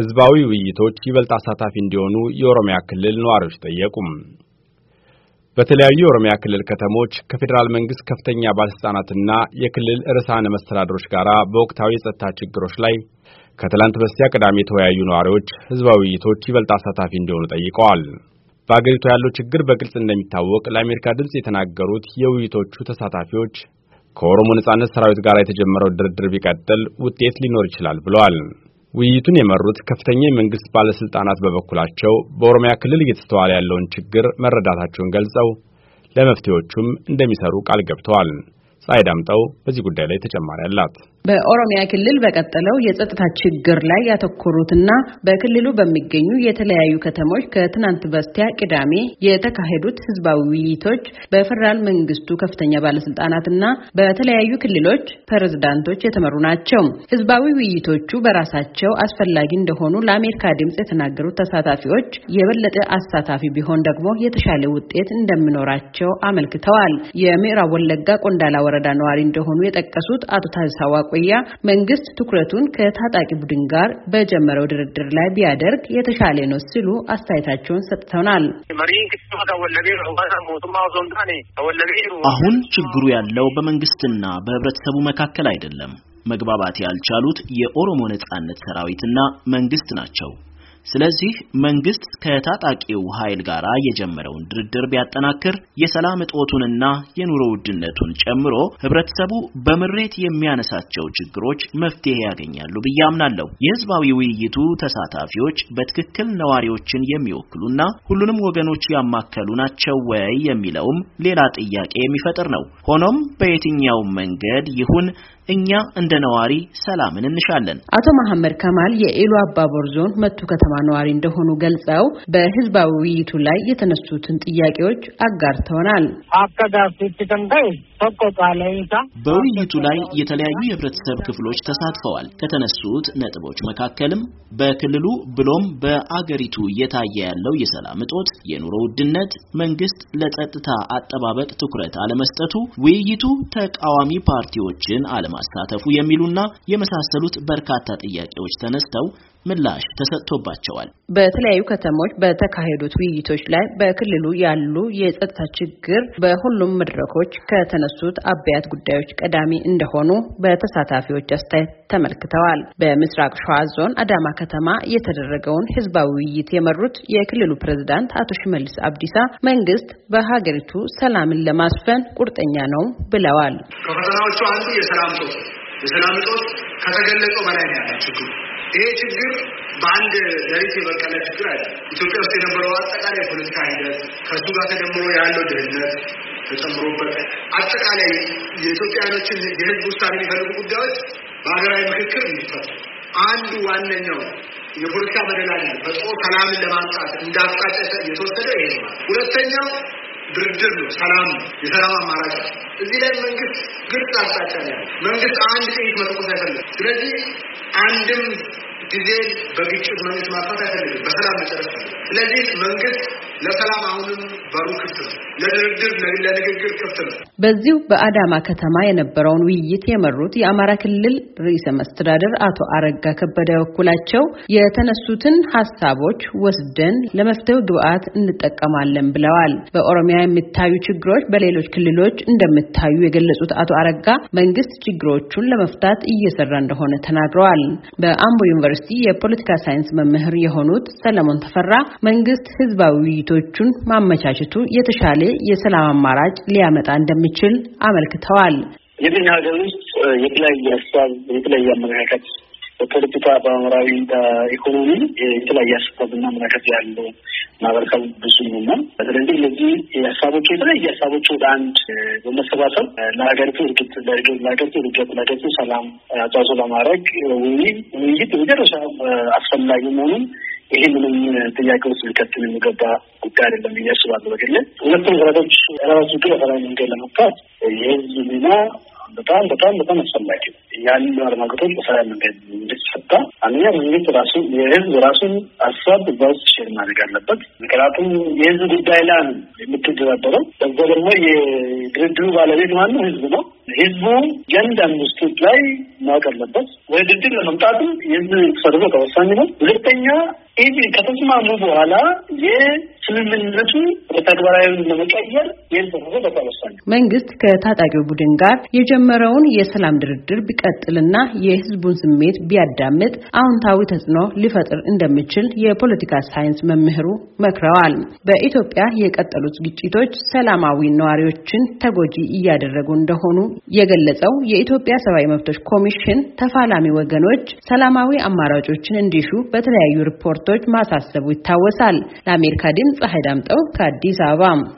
ህዝባዊ ውይይቶች ይበልጥ አሳታፊ እንዲሆኑ የኦሮሚያ ክልል ነዋሪዎች ጠየቁም። በተለያዩ የኦሮሚያ ክልል ከተሞች ከፌዴራል መንግስት ከፍተኛ ባለስልጣናትና የክልል ርዕሳነ መስተዳድሮች ጋር በወቅታዊ የጸጥታ ችግሮች ላይ ከትላንት በስቲያ ቅዳሜ የተወያዩ ነዋሪዎች ህዝባዊ ውይይቶች ይበልጥ አሳታፊ እንዲሆኑ ጠይቀዋል። በአገሪቱ ያለው ችግር በግልጽ እንደሚታወቅ ለአሜሪካ ድምፅ የተናገሩት የውይይቶቹ ተሳታፊዎች ከኦሮሞ ነጻነት ሰራዊት ጋር የተጀመረው ድርድር ቢቀጥል ውጤት ሊኖር ይችላል ብለዋል። ውይይቱን የመሩት ከፍተኛ የመንግስት ባለስልጣናት በበኩላቸው በኦሮሚያ ክልል እየተስተዋለ ያለውን ችግር መረዳታቸውን ገልጸው ለመፍትሄዎቹም እንደሚሰሩ ቃል ገብተዋል። ፀሐይ ዳምጠው በዚህ ጉዳይ ላይ ተጨማሪ አላት። በኦሮሚያ ክልል በቀጠለው የጸጥታ ችግር ላይ ያተኮሩትና በክልሉ በሚገኙ የተለያዩ ከተሞች ከትናንት በስቲያ ቅዳሜ የተካሄዱት ህዝባዊ ውይይቶች በፌደራል መንግስቱ ከፍተኛ ባለስልጣናትና በተለያዩ ክልሎች ፕሬዝዳንቶች የተመሩ ናቸው። ህዝባዊ ውይይቶቹ በራሳቸው አስፈላጊ እንደሆኑ ለአሜሪካ ድምጽ የተናገሩት ተሳታፊዎች የበለጠ አሳታፊ ቢሆን ደግሞ የተሻለ ውጤት እንደሚኖራቸው አመልክተዋል። የምዕራብ ወለጋ ቆንዳላ ወረዳ ነዋሪ እንደሆኑ የጠቀሱት አቶ ታዛዋ ማቆያ መንግስት ትኩረቱን ከታጣቂ ቡድን ጋር በጀመረው ድርድር ላይ ቢያደርግ የተሻለ ነው ሲሉ አስተያየታቸውን ሰጥተውናል። አሁን ችግሩ ያለው በመንግስትና በህብረተሰቡ መካከል አይደለም። መግባባት ያልቻሉት የኦሮሞ ነጻነት ሰራዊትና መንግስት ናቸው። ስለዚህ መንግስት ከታጣቂው ኃይል ጋር የጀመረውን ድርድር ቢያጠናክር የሰላም እጦቱንና የኑሮ ውድነቱን ጨምሮ ህብረተሰቡ በምሬት የሚያነሳቸው ችግሮች መፍትሄ ያገኛሉ ብዬ አምናለሁ። የህዝባዊ ውይይቱ ተሳታፊዎች በትክክል ነዋሪዎችን የሚወክሉና ሁሉንም ወገኖች ያማከሉ ናቸው ወይ የሚለውም ሌላ ጥያቄ የሚፈጥር ነው። ሆኖም በየትኛው መንገድ ይሁን እኛ እንደ ነዋሪ ሰላምን እንሻለን። አቶ መሐመድ ከማል የኢሉ አባቦር ዞን መቱ ከተማ ከተማ ነዋሪ እንደሆኑ ገልጸው በህዝባዊ ውይይቱ ላይ የተነሱትን ጥያቄዎች አጋርተውናል። በውይይቱ ላይ የተለያዩ የህብረተሰብ ክፍሎች ተሳትፈዋል። ከተነሱት ነጥቦች መካከልም በክልሉ ብሎም በአገሪቱ እየታየ ያለው የሰላም እጦት፣ የኑሮ ውድነት፣ መንግስት ለጸጥታ አጠባበቅ ትኩረት አለመስጠቱ፣ ውይይቱ ተቃዋሚ ፓርቲዎችን አለማሳተፉ የሚሉና የመሳሰሉት በርካታ ጥያቄዎች ተነስተው ምላሽ ተሰጥቶባቸዋል። በተለያዩ ከተሞች በተካሄዱት ውይይቶች ላይ በክልሉ ያሉ የጸጥታ ችግር በሁሉም መድረኮች ከተነሱት አበያት ጉዳዮች ቀዳሚ እንደሆኑ በተሳታፊዎች አስተያየት ተመልክተዋል። በምስራቅ ሸዋ ዞን አዳማ ከተማ የተደረገውን ህዝባዊ ውይይት የመሩት የክልሉ ፕሬዝዳንት አቶ ሽመልስ አብዲሳ መንግስት በሀገሪቱ ሰላምን ለማስፈን ቁርጠኛ ነው ብለዋል። ከፈተናዎቹ አንዱ የሰላም እጦት የሰላም እጦት ከተገለጸው በላይ ነው ያለ ችግሩ ይሄ ችግር በአንድ ሌሊት የበቀለ ችግር አለ። ኢትዮጵያ ውስጥ የነበረው አጠቃላይ የፖለቲካ ሂደት ከእሱ ጋር ተደምሮ ያለው ድህነት ተጨምሮበት አጠቃላይ የኢትዮጵያኖችን የህዝብ ውሳኔ የሚፈልጉ ጉዳዮች በሀገራዊ ምክክር እንዲፈቱ አንዱ ዋነኛው የፖለቲካ መደላ በጦር ሰላምን ለማምጣት እንዳቅጣጫ የተወሰደ ይሄ ነው። ሁለተኛው ድርድር ነው፣ ሰላም ነው፣ የሰላም አማራጭ። እዚህ ላይ መንግስት ግልጽ አቅጣጫ ነው ያለ። መንግስት አንድ ጥይት መተኮስ አይፈልግም። ስለዚህ አንድም ጊዜ በግጭት መንግስት ማጥፋት አይፈልግም፣ በሰላም መጨረስ። ስለዚህ መንግስት ለሰላም አሁንም በሩ ክፍት ነው። ለድርድር ለንግግር ክፍት ነው። በዚሁ በአዳማ ከተማ የነበረውን ውይይት የመሩት የአማራ ክልል ርዕሰ መስተዳደር አቶ አረጋ ከበደ በኩላቸው የተነሱትን ሀሳቦች ወስደን ለመፍትሄው ግብአት እንጠቀማለን ብለዋል። በኦሮሚያ የሚታዩ ችግሮች በሌሎች ክልሎች እንደሚታዩ የገለጹት አቶ አረጋ መንግስት ችግሮቹን ለመፍታት እየሰራ እንደሆነ ተናግረዋል። በአምቦ ዩኒቨርሲቲ የፖለቲካ ሳይንስ መምህር የሆኑት ሰለሞን ተፈራ መንግስት ህዝባዊ ውይይቱ ድርጅቶቹን ማመቻቸቱ የተሻለ የሰላም አማራጭ ሊያመጣ እንደሚችል አመልክተዋል። ይህን ሀገር ውስጥ የተለያየ ሀሳብ የተለያየ አመለካከት በፖለቲካ፣ በአምራዊ በኢኮኖሚ የተለያየ ሀሳብና አመለካከት ያለው ማህበረሰብ ብዙ ነውና ስለዚህ እነዚህ ሀሳቦች የተለያየ ሀሳቦች ወደ አንድ በመሰባሰብ ለሀገሪቱ እርግጥ ለሀገሪቱ እርግጥ ለሀገሪቱ ሰላም አጫሶ ለማድረግ ውይይት ውይይት መጨረሻ አስፈላጊ መሆኑን ይሄ ምንም ጥያቄ ውስጥ ሊከትል የሚገባ ጉዳይ አይደለም ብዬ አስባለሁ። በግሌ ሁለቱም ህብረቶች ራሱ ግን በተለያየ መንገድ ለመፍታት የህዝብ ሚና በጣም በጣም በጣም አስፈላጊ ነው። ያንን አለመግባባቶች በሰላም መንገድ እንድትፈታ አንደኛ መንግስት ራሱ የህዝብ ራሱን አሳብ በውስጥ ሽር ማድረግ አለበት። ምክንያቱም የህዝብ ጉዳይ ላይ የምትደራደረው በዛ ደግሞ የድርድሩ ባለቤት ማነው? ህዝብ ነው። ህዝቡ እያንዳንዱ ስቴት ላይ ማወቅ አለበት። ወደ ድርድር ለመምጣትም የህዝብ ተሳትፎ ተወሳኝ ነው። ሁለተኛ ይህ ከተስማሙ በኋላ የስምምነቱ በተግባራዊ ለመቀየር የተደረገ በተወሰነ መንግስት ከታጣቂው ቡድን ጋር የጀመረውን የሰላም ድርድር ቢቀጥልና የህዝቡን ስሜት ቢያዳምጥ አዎንታዊ ተጽዕኖ ሊፈጥር እንደሚችል የፖለቲካ ሳይንስ መምህሩ መክረዋል። በኢትዮጵያ የቀጠሉት ግጭቶች ሰላማዊ ነዋሪዎችን ተጎጂ እያደረጉ እንደሆኑ የገለጸው የኢትዮጵያ ሰብአዊ መብቶች ኮሚሽን ተፋላሚ ወገኖች ሰላማዊ አማራጮችን እንዲሹ በተለያዩ ሪፖርቶች ድርጅቶች ማሳሰቡ ይታወሳል። ለአሜሪካ ድምፅ ሀይድ ዳምጠው ከአዲስ አበባ